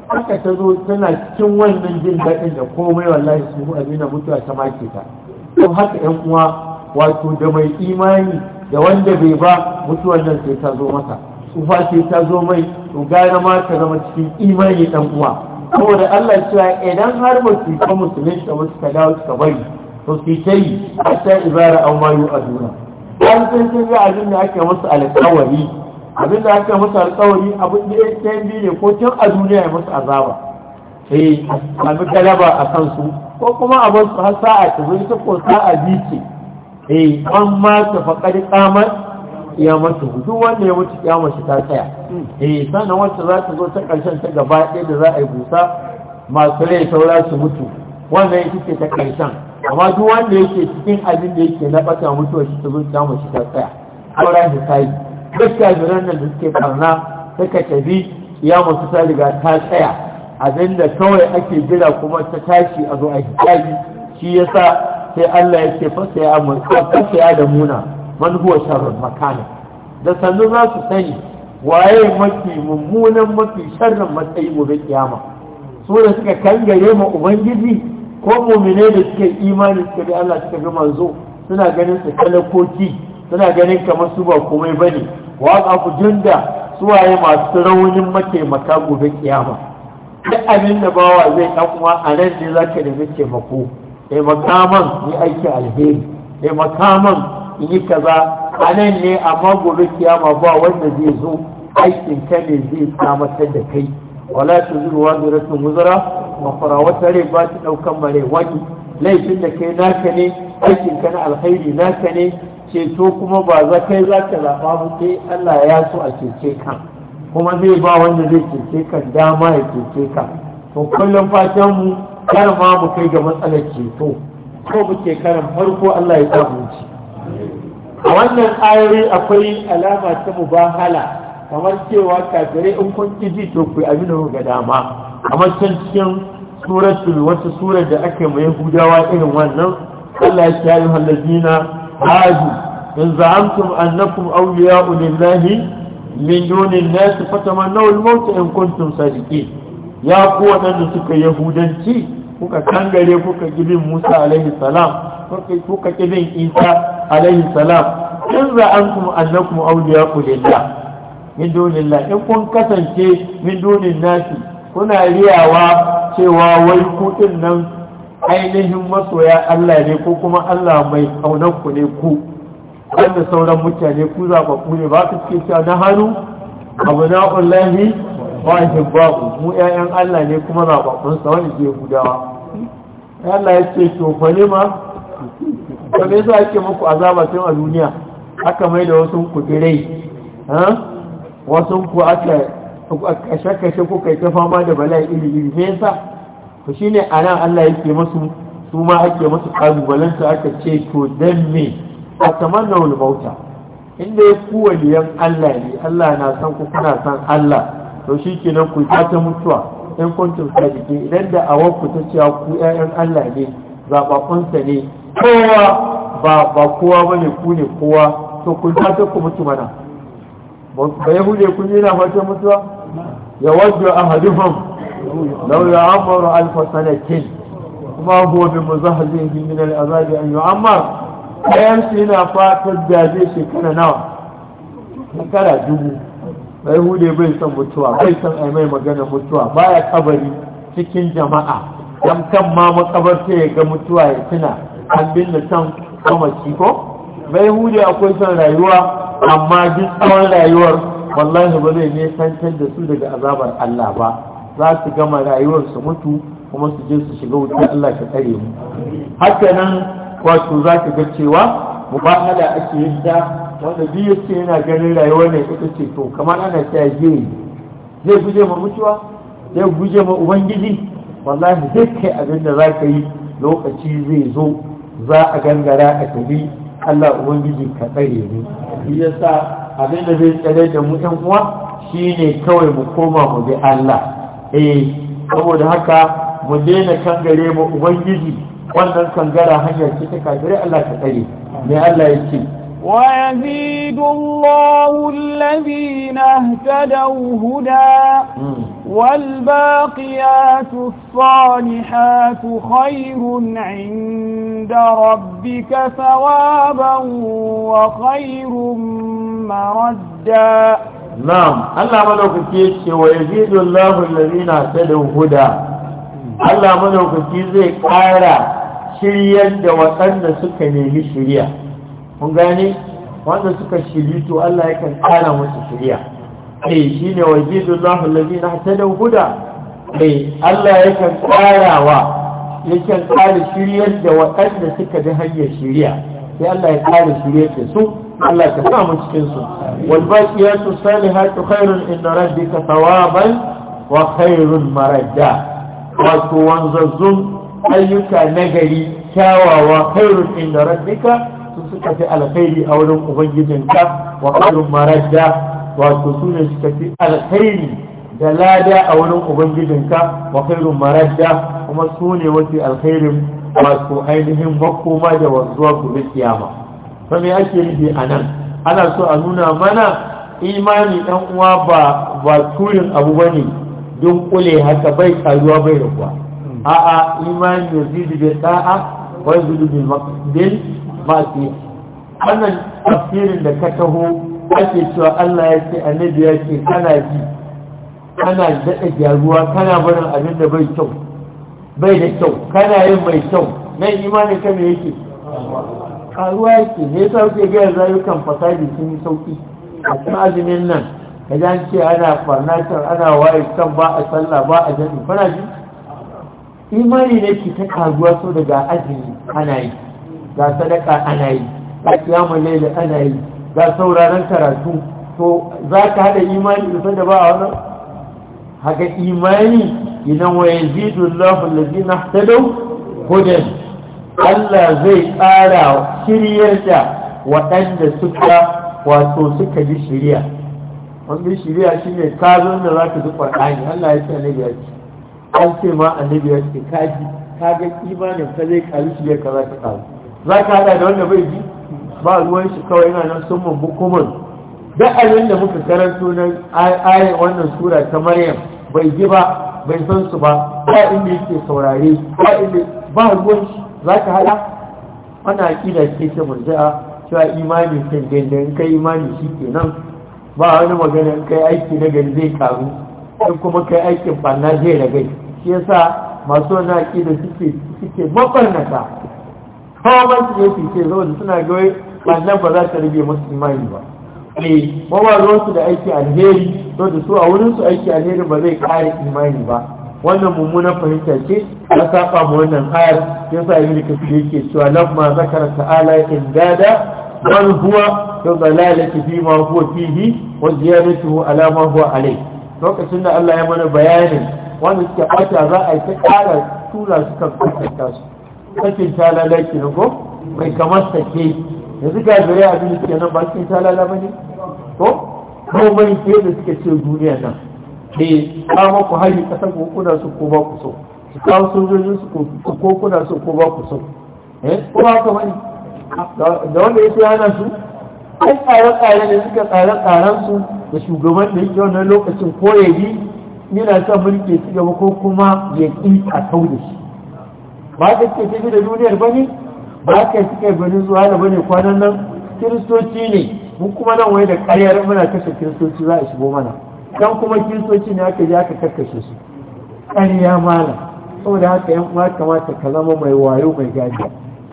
Speaker 1: aka ta zo tana cikin wannan jin daɗin da komai wallahi su abin da mutuwa ta make ta don haka yan uwa wato da mai imani da wanda bai ba mutuwar nan sai ta zo masa tsufa sai ta zo mai to gara ma ta zama cikin imani dan uwa saboda Allah cewa idan har ba su ka musulunci ba ka dawo suka bari to su ta yi ta ibara an mayu a duna an san sun yi abin da ake musu alƙawari abin da ake musu alƙawari abin da ya biyu ne ko tun a duniya ya musu azaba eh a galaba a kansu ko kuma a su har sa'a ta ta ko sa'a biyu ce eh an ma ta faƙar ƙamar kiyamatu duk wanda ya mutu ya shi ta tsaya eh sannan wacce za ta zo ta karshen ta gaba ɗaya da za a yi busa masu rai saura su mutu wannan ita ce ta ƙarshen amma duk wanda yake cikin abin da yake na ɓata mutuwar shi ta zo ta shi ta tsaya saura shi ta yi duk kafiran nan da suke ƙarna, suka tafi ya su ta riga ta tsaya abinda kawai ake jira kuma ta tashi a zo a hijabi shi yasa sai Allah ya ce ya amurka ya da muna man huwa sharrun makana da sannu za su sani waye mafi mummunan mafi sharrin matsayi gobe kiyama su da suka kangare ma ubangiji ko mumine da suka imani suka bi Allah suka ga manzo suna ganin su talakoki suna ganin kamar su ba komai bane wa aqu junda suwaye masu raunin mataimaka gobe kiyama duk abin da bawa zai ɗan kuma a nan ne za ka nemi taimako ya makaman yi aiki alheri ya makaman yi kaza a nan ne amma gobe kiyama ba wanda zai zo aikin ka ne zai samatar da kai wala ta zuruwa zuratun wuzura Makwara wata rai ba ta ɗaukan mare wani laifin da kai naka ne aikin ka na alheri naka ne ceto kuma ba za kai za ka zaɓa mutu Allah ya so a cece kan kuma zai ba wanda zai cece ka dama ya cece ka to kullum fatan mu kar ma mu kai ga matsalar ceto ko muke karan farko Allah ya sa mu ci a wannan ayoyi akwai alama ta mubahala kamar cewa kafirai in kun ji to ku abin da ga dama kamar can cikin suratul wata surar da ake mai hudawa irin wannan Allah ya ce halazina ladina in za'amtum annakum awliya'u lillahi min dunin nasu fatamannaw al-maut in kuntum sadiqin ya ku waɗanda suka yahudanci kuka kangare kuka gibin Musa alaihi salam kuka gibin Isa alaihi salam in za an kuma annakum awliyaku lillah min dunillah in kun kasance min dunin nasi kuna riyawa cewa wai ku nan ainihin masoya Allah ne ko kuma Allah mai kaunar ku ne ku wanda sauran mutane ku ku ne ba su ke cewa na hannu abu na ƙullahi ba ku mu 'ya'yan Allah ne kuma zaɓaɓɓunsa wani ke gudawa Allah ya ce to fane ne ma to me yasa ake muku azaba tun a duniya aka mai da wasu ku dire wasu ku aka kashe-kashe ku kai ta fama da bala'i iri-iri me yasa to shine anan Allah yake masu su ma ake musu kalubalanta aka ce to dan me a tamanna wani bauta inda ya ku waliyan Allah ne Allah na san ku kuna san Allah to shi kenan ku ta mutuwa in kuntum sadiki idan da a wanku ta cewa ku ƴaƴan Allah ne zabakunsa ne kowa ba ba kowa ne ku ne kowa to ku ta ta ku mutu mana ba yahude kun yi na fatan mutuwa yawaddu ahaduhum law ya'amaru alf sanatin kuma huwa bi muzahzihi min al-azabi an amma. ɗayansu yana fatan da shekara nawa shekara dubu bai hude bai son mutuwa bai san ai mai magana mutuwa baya kabari cikin jama'a don kan ma makabarta ya ga mutuwa ya tuna an binne can kama ko bai hude akwai son rayuwa amma duk tsawon rayuwar wallahi ba zai nesantar da su daga azabar Allah ba za su gama rayuwar su mutu kuma su je su shiga wutar Allah ka tsare mu haka nan wato za ka ga cewa mubahala ake yin ta wanda biyu ce yana ganin rayuwar ne ita ce to kamar ana ta yi zai guje ma mutuwa zai guje ma ubangiji wallahi zai kai abin da za ka yi lokaci zai zo za a gangara a tafi Allah ubangiji ka tsare ne shi yasa abin da zai tsare da mu ɗan uwa shine kawai mu koma mu bi Allah eh saboda haka mu daina kangare mu ubangiji wannan kangara hanyar ce ta kafirai Allah ta tsare me Allah ya ce
Speaker 3: ويزيد الله الذين اهتدوا هدى والباقيات الصالحات خير عند ربك ثوابا وخير مردا
Speaker 1: نعم الله ملوكتي ويزيد الله الذين اهتدوا هدى الله ملوكتي زي قارة shiryar da waɗanda suka nemi shirya kun gane wanda suka shiri to Allah yakan kara musu shirya eh shine wajidullahu allazina hatadaw huda eh Allah yakan karawa yakan kara shiryar da waɗanda suka bi hanyar shirya sai Allah ya kara shiryar da su Allah ka sa mu cikin su wal baqiyatu salihatu khairun inda rabbika thawaban wa khairun maradda wato wanzazzun ayyuka nagari kyawawa khairun inda rabbika su suka fi alkhairi a wurin ubangijinka wa khairun maradda wato su ne suka fi alkhairi da lada a wurin ubangijinka wa khairun maradda kuma su ne wasu alkhairin wato ainihin makoma da wanzuwa gobe kiyama Ba me ake nufi a nan ana so a nuna mana imani ɗan uwa ba turin abu ba bane dunkule haka bai karuwa bai rufuwa a'a imani yazidu bil da'a wa yazidu bil maqdil ma'asi wannan tafsirin da ka taho ake cewa Allah ya ce annabi ya ce kana ji kana daɗa gyaruwa kana barin abin da bai kyau bai da kyau kana yin mai kyau nan imanin ka me yake karuwa yake ne sa kuke ga rayukan fasadi sun yi sauki a cikin azumin nan ka ce ana farnatar ana waye kan ba a sallah ba a jami'a kana ji imani ne ke ta karuwa so daga azumi ana yi ga sadaka ana yi ga kiyamun laila ana yi ga sauraron karatu to za ka haɗa imani da sanda ba a wannan haka imani idan wa yazidu Allahu allazina ihtadaw hudan Allah zai ƙara shiryar da waɗanda suka wato suka ji shiriya wanda shiriya shine ka da za ka ji Qur'ani Allah ya ce ne ya ce an ce ma a ya ce kaji ga imanin ka zai karu shi ya kaza ka karu za ka hada da wanda bai ji ba ruwan shi kawai yana nan sun mun bukumun da abin da muka karanto na ayin wannan sura ta maryam bai ji ba bai san su ba ba inda yake saurare ba inda ba ruwan shi za ka hada wannan aƙida ce ta murja'a cewa imani kan dandan kai imani shi kenan ba wani magana kai aiki na gari zai karu sai kuma kai aikin banna zai ragai shi yasa masu wani da suke suke kawo kawai su yake ce saboda suna ga bannan ba za ta rage musu imani ba ne eh, mawaron su da aiki alheri da su a wurin su aiki alheri ba zai kare imani ba wannan mummunan fahimta ce ta saba mu wannan hayar, ayar yasa ibn kasir yake cewa ma zakara ta'ala in dada man huwa fi dhalalati fi ma huwa fihi wa ziyaratuhu ala ma huwa alayhi lokacin da Allah ya mana bayanin wanda suke ɓata za a yi ta ƙara tura su kan kwatanta su sakin talala ke nan ko mai kamar ke yanzu ga zuri a da ke nan ba sakin talala ba ne ko komai ke da suke ce duniya nan ne kama ku hari ƙasar ko kuna su ko ba ku so su kawo sojojin su ko kuna su ko ba ku so eh ko ba ka wani da wanda ya ce yana su ai tsare-tsare ne suka tsare-tsaren su da shugaban da yake wannan lokacin ko ya yi yana son mulki su gaba ko kuma ya ƙi a sau da ba ka ce tafi da duniyar ba ne ba ka suka yi bani zuwa da bane kwanan nan kiristoci ne mun kuma nan wai da ƙaryar muna kashe kiristoci za a shigo mana dan kuma kiristoci ne aka je aka kakkashe su ƙarya mala saboda haka yan uwa kamata ka zama mai wayo mai gadi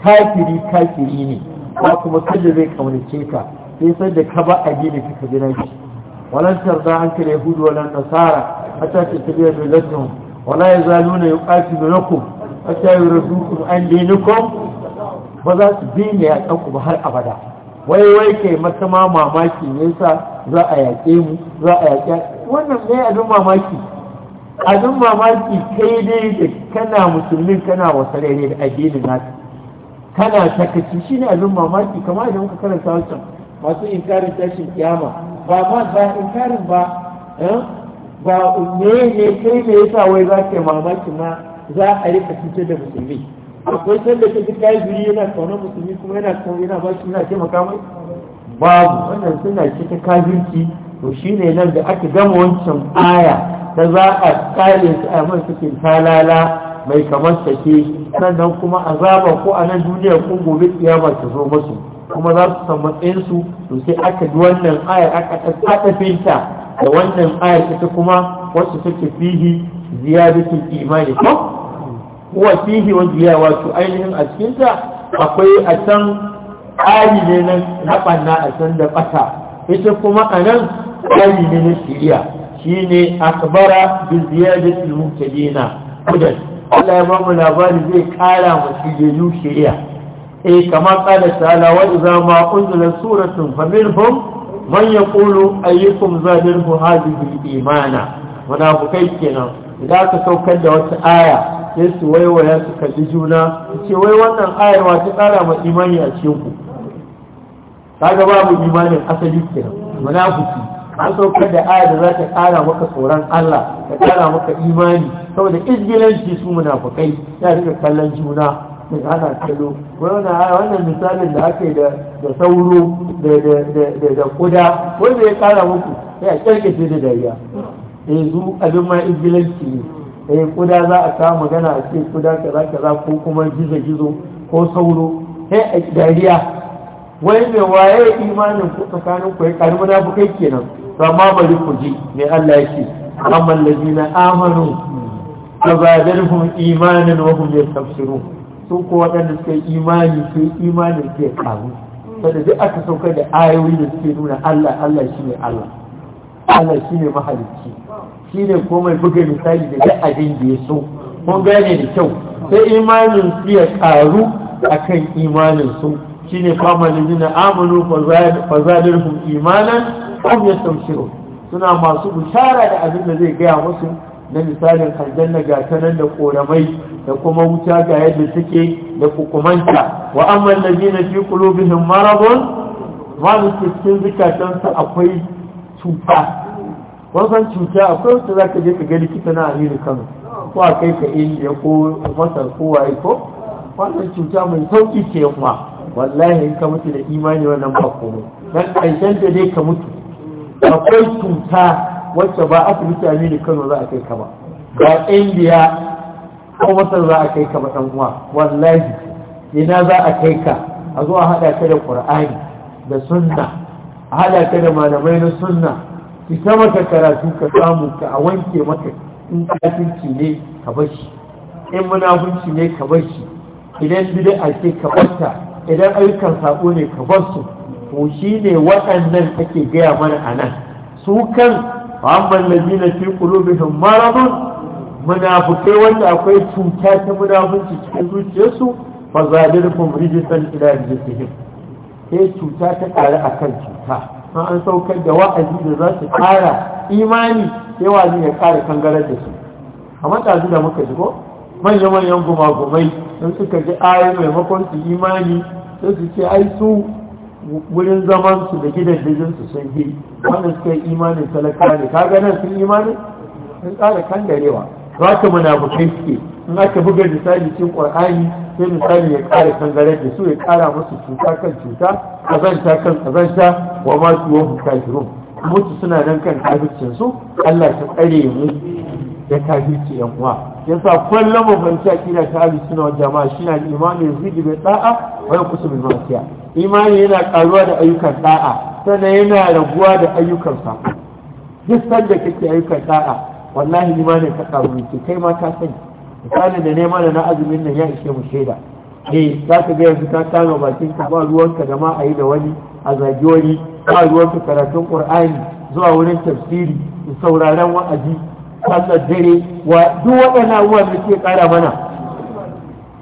Speaker 1: kafiri kafiri ne ba kuma kada zai kaunace ka sai sai da ka ba addini ka gina shi walantar da an kare hudu walan nasara hatta ta tabiya millatum wala yazaluna yuqatilunakum da yurdukum an dinikum ba za su bi ne a ɗauku ba har abada wai wai kai mata ma mamaki ne sa za a yaƙe mu za a yaƙe wannan ne abin mamaki abin mamaki kai dai da kana musulmin kana wasarere da addinin naka kana shi ne abin mamaki kamar da muka karanta wancan masu inkarin tashin kiyama ba ma ba inkarin ba eh? ba ne ne kai ne yasa wai za ka mamaki ma za a yi cutar da musulmi akwai sanda ta duka yi yana kaunar musulmi kuma yana kaunar yana ba shi yana taimaka mai babu wannan suna ce ta kafirci to shine nan da aka gama wancan aya ta za a kare su a man cikin talala mai kamar sake sannan kuma azaba ko a nan duniya ko gobe kiyama ta zo masu. kuma za su san matsayinsu to sai aka ji wannan ayar aka tattafe ta da wannan ayar ita kuma wacce take fihi ziyadatul imani ko huwa fihi wa ziyada wato ainihin a cikin ta akwai a can ƙari ne nan na ɓanna a can da ɓata ita kuma a nan ƙari ne na shiriya shine akbara bi ziyadatul muhtadina kudan Allah ya ba mu labari zai kara mu shiriyu shiriya eh kama qala ta'ala wa idza ma unzila suratun faminhum man yaqulu ayyukum zadirhu hadhihi imana bukai kenan idan ka saukar da wata aya sai su waiwaya su kalli juna su ce wai wannan ayar wa ta tsara ma imani a cikin ku kaga babu imanin asali kenan munafiki an saukar da aya da za ta kara maka tsoron Allah ta kara maka imani saboda izgilanci su munafukai ya rika kallon juna da ana kallo wannan misalin da ake da sauro da kuda wanda ya kara muku sai a kyarkace da dariya eh zu abin ma ingilanci ne eh kuda za a kama magana a ce kuda ka za ko kuma gizo gizo ko sauro sai a dariya wai mai waye imanin ku tsakanin ku ya karu munafukai kenan amma ma bari ku ji me Allah yake amma allazina amanu فزادتهم إيمانا ya tafsiru. sun kowa waɗanda suka yi imani su imani su ya karu saboda duk aka saukar da ayoyi da suke nuna Allah Allah shi ne Allah Allah shi ne mahalicci ne ko mai buga misali da duk abin da ya so kun gane da kyau sai imanin su ya karu akan imanin su ne kama da jina amanu fa zadirhum imanan ya yastamshirun suna masu bishara da abin da zai gaya musu na misalin aljanna ga tanan da koramai da kuma wuta ga yadda suke da kukumanta wa da zina fi qulubihim maradun ma cikin zukatansu akwai cuta wasan cuta akwai wata za ka je ka gani kita na aminu kano ko a kai ka indiya ko masar ko waye ko wannan cuta mai sauki ce kuma wallahi in ka mutu da imani wannan ba komai dan ƙarshen da dai ka mutu akwai cuta wacce ba asibiti aminu kano za a kai ka ba ba indiya ko masar za a kai ka ba ɗan uwa wallahi ina za a kai ka a zuwa haɗa ka da ƙur'ani da sunna a haɗa ka da malamai na sunna ki ta maka karatu ka samu ka a wanke maka in kafinci ne ka bar shi in munafunci ne ka bar shi idan bid'a ce ka barta idan ayyukan saƙo ne ka bar su to shi ne waɗannan ake gaya mana a nan su kan amma ladina fi qulubihim maradun munafikai wanda akwai cuta ta munafunci cikin zuciyarsu fa zalikum rijsan ila rijsihim sai cuta ta ƙare akan cuta ma an saukar da wa'azi da za su ƙara imani sai wa'azi ya kare kangarar da su a ɗazu da muka shigo manya-manyan gumagumai sun suka ji ayoyi maimakon su imani sai su ce ai su wurin zaman su da gidan su sun yi Wannan suka yi imanin salaka ne kaga nan sun imanin sun tsara kan darewa za ka munafukai suke in aka buga misali cikin qur'ani sai misali ya ƙara kangare da su ya ƙara musu cuta kan cuta kazanta kan kazanta wa ma su wa mutu suna nan kan kafircin su Allah ta tsare mu da kafirci yan uwa yasa kullum mu fahimci kira ta ahli suna wa jama'a shi na imani yazidu bi da'a wa yanqusu bil ma'siyah imani yana karuwa da ayyukan da'a sannan yana raguwa da ayyukan sa duk sanda kake ayyukan da'a wallahi imani ka karu ce kai ma ka sani misalin da neman da na azumin nan ya ishe mu shaida eh za ka ga yanzu ka kama bakin ka ba ruwanka da ma a da wani a zagi wani ba ruwanka karatun ƙur'ani, zuwa wurin tafsiri sauraron wa'azi sallar dare wa duk waɗannan abubuwa da ke ƙara mana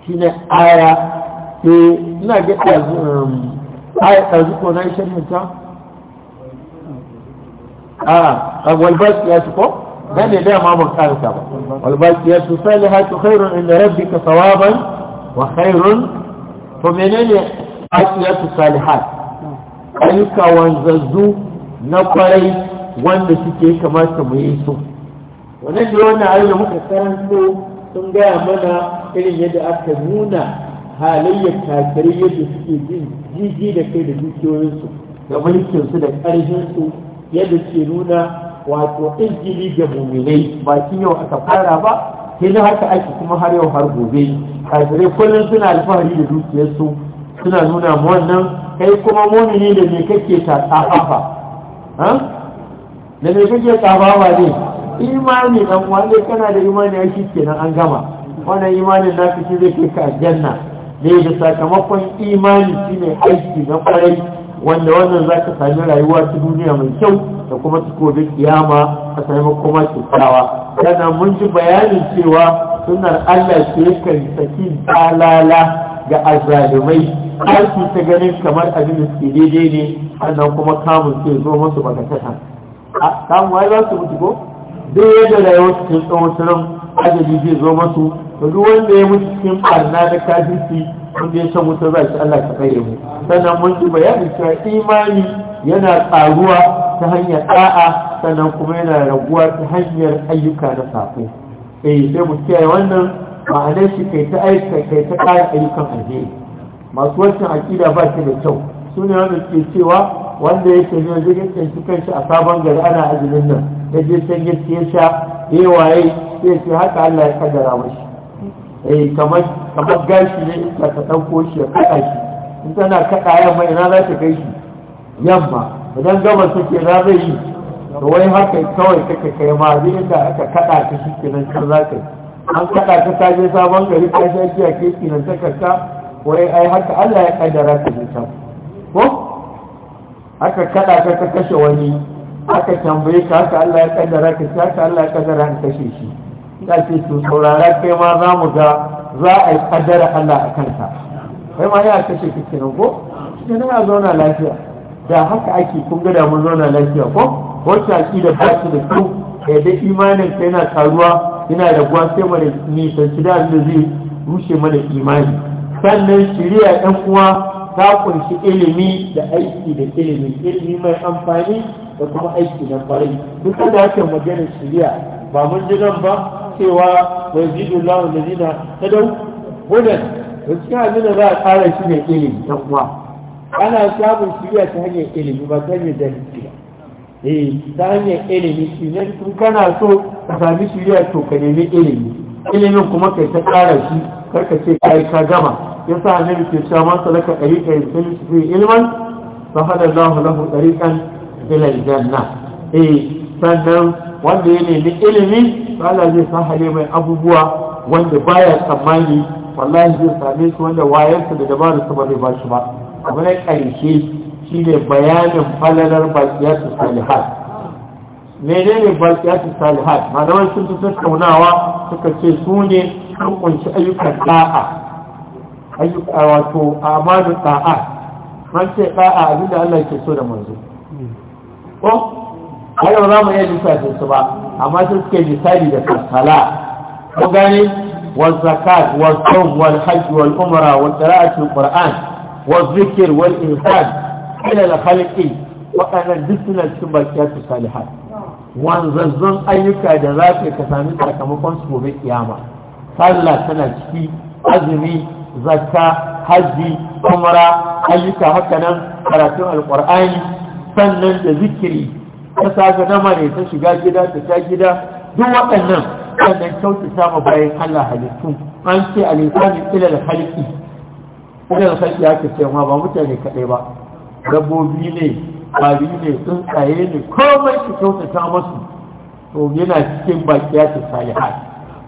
Speaker 1: shi ne aya ke eh, ina ga um, aya ɗazu ko na yi sharhinta a walbas ya su ko Zan ne dama mun karanta ba walbas ya su haka khairun inda rabbi ka sawaban wa khairun to menene asiyatu salihat ayyuka wanzazzu na kwarai wanda suke kamata mu yi su wannan da wannan ayoyi da muka karanto sun gaya mana irin yadda aka nuna halayyar kafirai yadda suke jin jiji da kai da dukiyoyinsu da mulkinsu da ƙarfinsu yadda ke nuna wato injili ga muminai ba shi yau aka fara ba sai na haka ake kuma har yau har gobe kafirai kullum suna alfahari da dukiyarsu suna nuna wannan kai kuma mumini da me kake ta tsafafa da me kake tsafafa ne imani dan wanda kana da imani a shi kenan an gama wannan imanin naka shi zai kai ka janna ne da sakamakon imani shine aiki na kwarai wanda wannan za ka sami rayuwa ta duniya mai kyau da kuma ta gobe kiyama a sami makoma kyakkyawa sannan mun ji bayanin cewa sunan Allah ke kan saki talala ga azalumai aiki ta ganin kamar abin da suke daidai ne sannan kuma kamun ke zo masu bakatata kamun wai za su mutu ko duk yadda rayuwar wasu cikin tsawon shirin ajali zai zo masu da duk wanda ya mutu cikin barna da kafinci wanda ya san wuta za shi Allah ta kare mu sannan mun ji bayanin cewa imani yana ƙaruwa ta hanyar da'a sannan kuma yana raguwa ta hanyar ayyuka na saƙo. eh sai mu kiyaye wannan ma'anar shi kai ta aika kai ta ƙara ayyukan alheri masu wancan aƙida ba shi da kyau su ne wanda ke cewa wanda yake ne zai yake shi a sabon gari ana azumin nan ya je can ya ce sha eh waye sai ce haka Allah ya kaddara mashi eh kamar kamar gashi ne in ka dauko shi ya kada shi in tana kada yamma ina za ta kai shi yamma idan gabas suke za zai yi to wai haka kawai kake kai ma zai inda aka kada ka shi kenan kan za ka an kada ka ta je sabon gari ka shi ake kenan ta karka wai ai haka Allah ya kaddara ka ne ta. ko aka kada ka ka kashe wani aka tambaye ka haka Allah ya kaddara ka ci haka Allah ya kaddara ka kashe shi ta ce to saurara kai ma za mu ga za a yi kaddara Allah a kanta. kai ma ya kashe ka kenan ko sai na zauna lafiya da haka ake kun ga da mun zauna lafiya ko wacce da ba shi da su da imanin ka yana karuwa yana da gwa sai mu da nisanci da zai rushe mana imani sannan shirya 'yan uwa ta kunshi ilimi da aiki da ilimi ilimi mai amfani da kuma aiki na kwarai duk da yake maganar shari'a ba mun ji nan ba cewa wa yazidu da zina tadaw hudan gaskiya abin da za a ƙara shi ne ilimi ta kuma ana samun shari'a ta hanyar ilimi ba ta hanyar jahilci ba eh ta hanyar ilimi shi ne kun kana so ka sami shari'a to ka nemi ilimi ilimin kuma kai ta ƙara shi karka ce kai ka gama yasa annabi ke cewa man salaka dariqan yuslimu fi ilman fa hada Allahu lahu dariqan ila aljanna eh sannan wanda ya nemi ilimi Allah zai sahale mai abubuwa wanda baya tsammani wallahi zai same shi wanda wayarsa da dabararsa ba zai ba shi ba abu na ƙarshe shi ne bayanin falalar bakiyatu salihat menene Baƙiyatu salihat malaman sun fi tattaunawa suka ce su ne sun kunshi ayyukan da'a ayyuka wato amanu da'a man ce ɗa'a abinda Allah ke so da manzo ko ai za mu iya lissafe su ba amma sai suke misali da kasala ko gane wa zakat wa sawm wal hajj wal umra wa qira'atul qur'an wa zikr wal ihsan ila al duk suna cikin bakiyatu salihat wanzazzun ayyuka da za ka sami sakamakon su gobe kiyama sallah tana ciki azumi zakka hajji umra ayyuka haka nan karatun alqur'ani sannan da zikiri ta saka na mare ta shiga gida ta ta gida duk waɗannan sannan kyautata ma bayan Allah halittu an ce alisani ila da halki ila da halki ake ce ma ba mutane kaɗai ba dabbobi ne ƙwari ne tsuntsaye ne komai ki kyautata masu to yana cikin bakiya ta salihat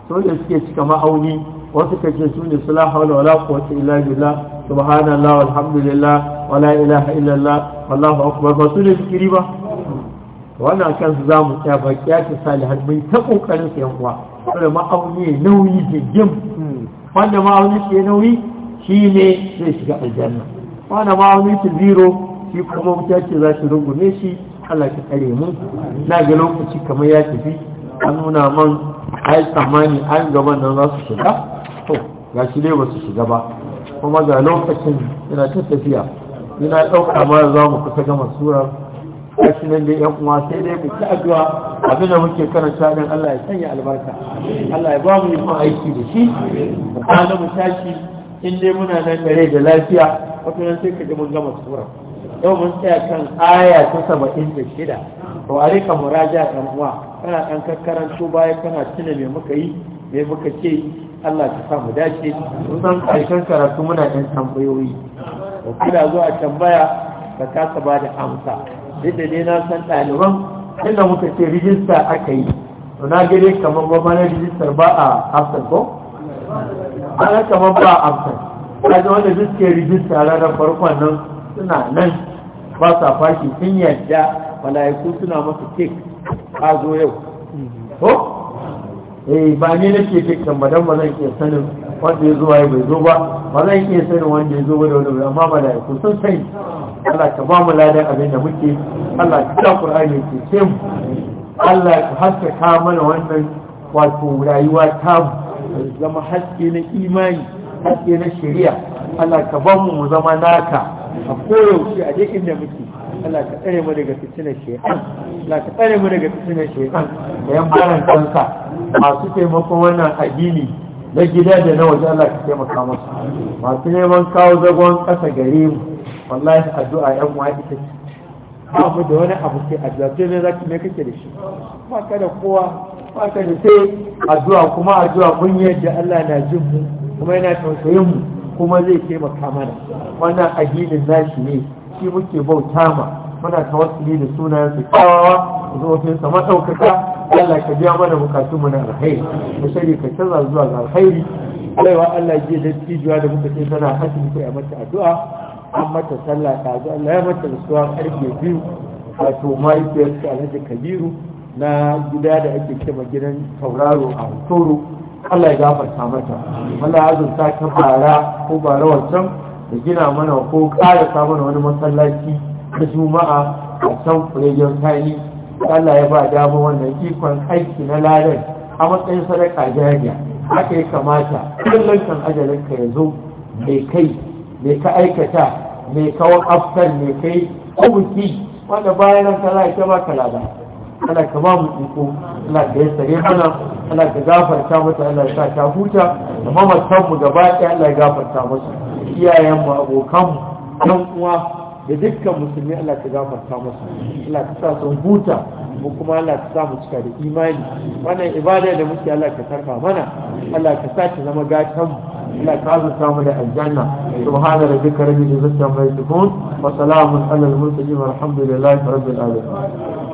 Speaker 1: to da suke cika ma'auni wasu kace su ne sula hawla wala quwwata illa subhanallah walhamdulillah wala ilaha illallah wallahu akbar ba su ne zikiri ba wannan kan su zamu tsaya ba kiyata salihan mun ta kokarin su yan uwa kuma ma'auni nauyi jigim wanda ma'auni ke nauyi shine zai shiga aljanna wanda ma'auni ta zero shi kuma wuta ce za shi rungume shi Allah ka tsare mu na ga lokaci kamar ya tafi an nuna man ai tsammani an gaban nan za su shiga to ga shi ne ba su shiga ba kuma ga lokacin yana ta tafiya yana ɗauka ma za mu kusa gama surar a nan da yan uwa sai dai mu ci addu'a abin da muke karanta shaɗin Allah ya sanya albarka Allah ya ba mu yi aiki da shi mu mu tashi in dai muna nan gare da lafiya wato nan sai kaje mun gama sura yau mun tsaya kan aya ta saba'in da shida to a rika muraja ɗan uwa kana ɗan kakkaranto baya kana tuna me muka yi me muka ce Allah ta samu dace san aikin karatu muna ɗan tambayoyi da kula zuwa tambaya ka kasa ba da amsa inda ne na san ɗaliban inda muka ce rijista aka yi to na gare kamar ba mana rijistar ba a afsan ko
Speaker 2: ana kamar ba
Speaker 1: a afsan kaji wanda duk rijista ranar farkon nan suna nan ba sa fashi sun yadda malayaku suna masu kek a zo yau mm-hmm. ko eh ba ni nake fitan ba dan ba zan iya sanin wanda ya zo ya bai zo ba ba zan iya sanin wanda ya zo ba da wani amma ba ku sun sai Allah ka ba mu ladan abin da muke Allah ka da Qur'ani ke ce mu Allah ka ka mana wannan wato rayuwa ta zama haske na imani haske na shari'a Allah ka ba mu zama naka a koyaushe a duk da muke Allah ka tsare mu daga fitinar shaytan Allah ka tsare mu daga fitinar shaytan da yan baran kansa masu taimakon wannan addini na gida da na waje Allah ka taimaka masu masu neman kawo zagon ƙasa gare mu wallahi addu'a yan uwa ita ce mu da wani abu ke addu'a ne zaki me kake da shi ba ka da kowa ba ka da sai addu'a kuma addu'a mun yadda Allah na jin mu kuma yana tausayin mu kuma zai taimaka mana wannan addinin nashi ne shi muke bauta ma muna tawassuli da sunayen su kawawa zuwa sa madaukaka Allah ka biya mana bukatun mana na alkhairi mu ka canza zuwa ga alkhairi baiwa Allah ji da tijuwa da muka ce tana hakin kai a mata addu'a an mata sallah ta ga Allah ya mata rasuwa karfe biyu wato mahaifiyar ta Alhaji Kabiru na gida da ake kema gidan tauraro a Toro Allah ya gafarta mata Allah ya azurta ta bara ko bara wancan da gina mana ko ƙara mana wani masallaci na juma'a a can kuregen tani Allah ya ba dama wannan ikon aiki na ladan a matsayin sadaka jariya haka ya kamata kullum kan ajalinka ya zo mai kai mai ka aikata mai kawon afkar mai kai kubuki wanda bayan nan ka ba ka lada ana ka ba mu iko ana ka yi sare mana ana ka gafarta mata ana sa ta huta da mamatan mu gaba ɗaya Allah ya gafarta musu iyayen mu abokan mu ɗan uwa da dukkan musulmi Allah ka gafarta masu Allah ka sa sun huta mu kuma Allah ka sa mu cika da imani wannan ibada da muke Allah ka karfa mana Allah ka sa ta zama gatan Allah ka azurta mu da aljanna subhana rabbika rabbil izzati amma yasifun wa salamun alal mursalin walhamdulillahi rabbil
Speaker 2: alamin